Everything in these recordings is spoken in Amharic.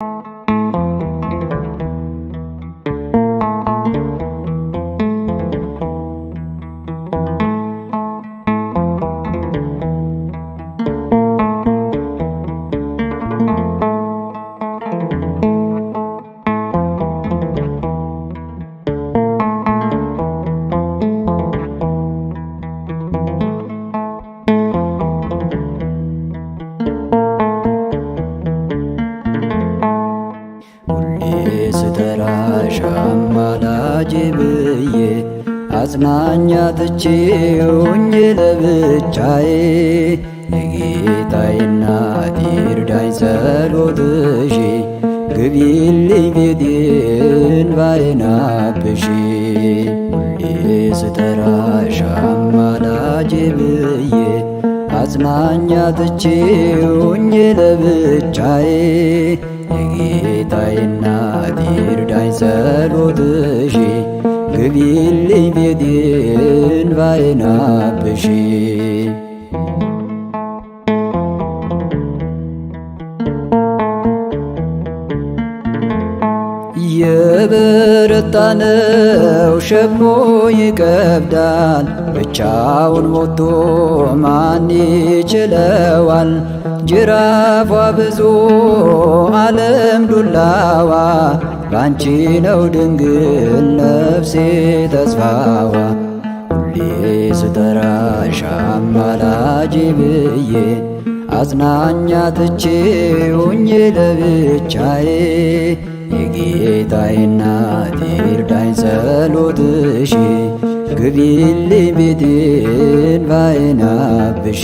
you አማላጅ ብዬ አጽናኛ ትቼው እንጂ ለብቻዬ የጌታዬ እናት ይርዳኝ ጸሎትሺ ግቢልኝ ቤቴን ባይን አብሺ ሁሌ ስጠራሽ አማላጅ ብዬ አጽናኛ ትቼው ለብቻዬ የጌታዬ እናት ይርዳኝ ጸሎትሺ ግቢልኝ ቤቴን ባይናብሺ የበረታነው ሸክሞ ይከብዳል፣ ብቻውን ሞቶ ማን ይችለዋል? ጅራፏ ብዙ ዓለም ዱላዋ ባንቺ ነው ድንግል ነፍሴ ተስፋዋ። ሁሌ ስጠራሽ አማላጅ ብዬ አጽናኛ ትቼ ሆኜ ለብቻዬ ጌታዬ እናቴ እርዳኝ ጸሎትሽ ግቢልኝ ቤቴን ባዬን አብሺ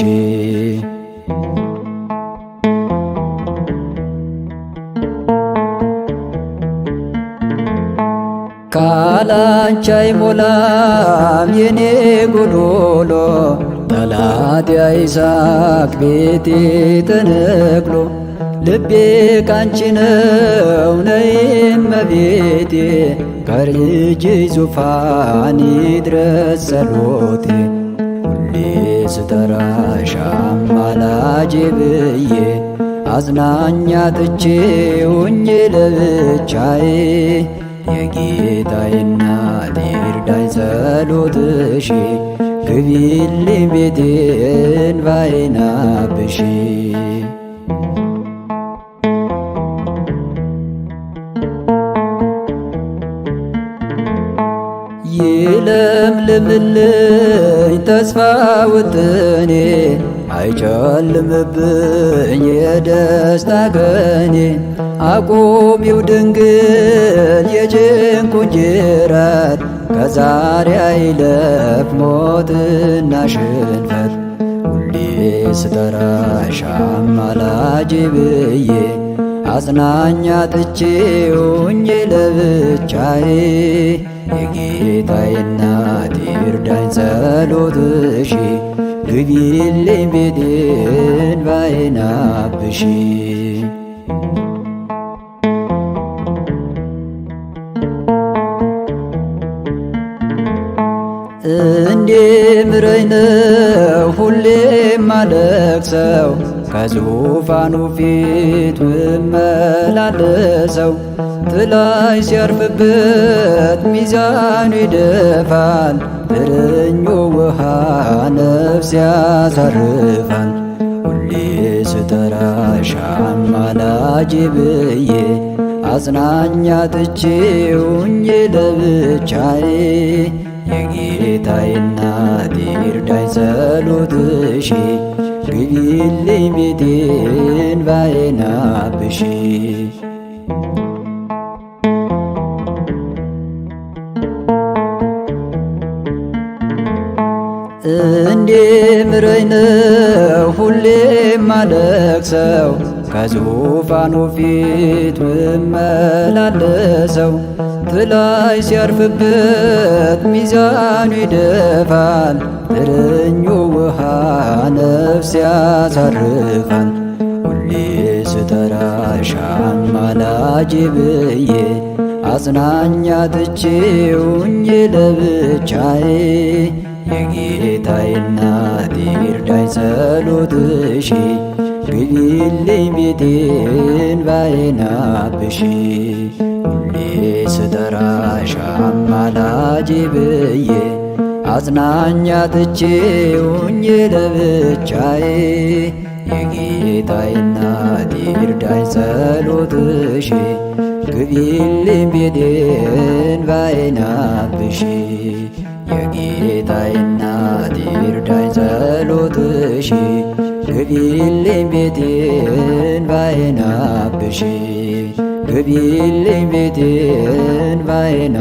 ካላንቺ አይሞላም የኔ ጎዶሎ ጠላት ያይሳቅ ቤቴ ተነቅሎ ልቤ ካንቺ ነው ነይ እመቤቴ ከርጅ ዙፋን ይድረስ ጸሎቴ ሁሌ ስጠራሽ አማላጄ ብዬ አዝናኛ ትቼ ሁኜ ለብቻዬ የጌታዬ እናት ይርዳኝ ጸሎትሽ ግቢልኝ ቤቴ እንባዬን ይለምልምልኝ ተስፋ ውጥኔ አይጨልምብኝ የደስታ ቀኔ። አቁሚው ድንግል የጭንቁን ጅራት ከዛሬ አይለፍ ሞትና ሽንፈት ሁሌ ስጠራሽ አማላጅ ብዬ አጽናኛ ትቼ ሆኜ ለብቻዬ የጌታዬ እናት ይርዳኝ ጸሎትሺ ግቢልኝ ቤቴን ባይን እንዴ ምረኝ ነው ሁሌ ማለቅሰው ከዙፋኑ ፊት ብመላለሰው ትላይ ሲያርፍበት ሚዛኑ ይደፋል። ድርኞ ውሃ ነፍስ ያሳርፋል። ሁሌ ስጠራሽ አማላጅ ብዬ አጽናኛ ትቼውኝ ለብቻዬ የጌታዬ እናት ይርዳኝ ጸሎትሽ ግቢልኝ ቤቴን ባዬን አብሺ እንዴ ምረኝ ነው ሁሌ ማለቅሰው ከዙፋኑ ፊት ምመላለሰው ትላይ ሲያርፍበት ሚዛኑ ይደፋል። ትርኙ ውሃ ነፍስ ያሳርፋል። ሁሌ ስጠራሽ ማላጅ ብዬ አጽናኛ ትቼውኝ ለብቻዬ የጌታዬ እናት ይርዳኝ ጸሎትሽ ግቢልኝ ቤቴን ባዬን ሁሌ ስጠራሽ አማላጄ ብዬ አጽናኛ ትቼውኝ ለብቻዬ የጌታዬ እናት ጸሎትሽ ግቢልኝ ቤቴን ባዬን አብሺ የጌታዬ ጸሎትሽ ግቢልኝ ቤቴን ባይን አብሺ ግቢልኝ ቤቴን ባይን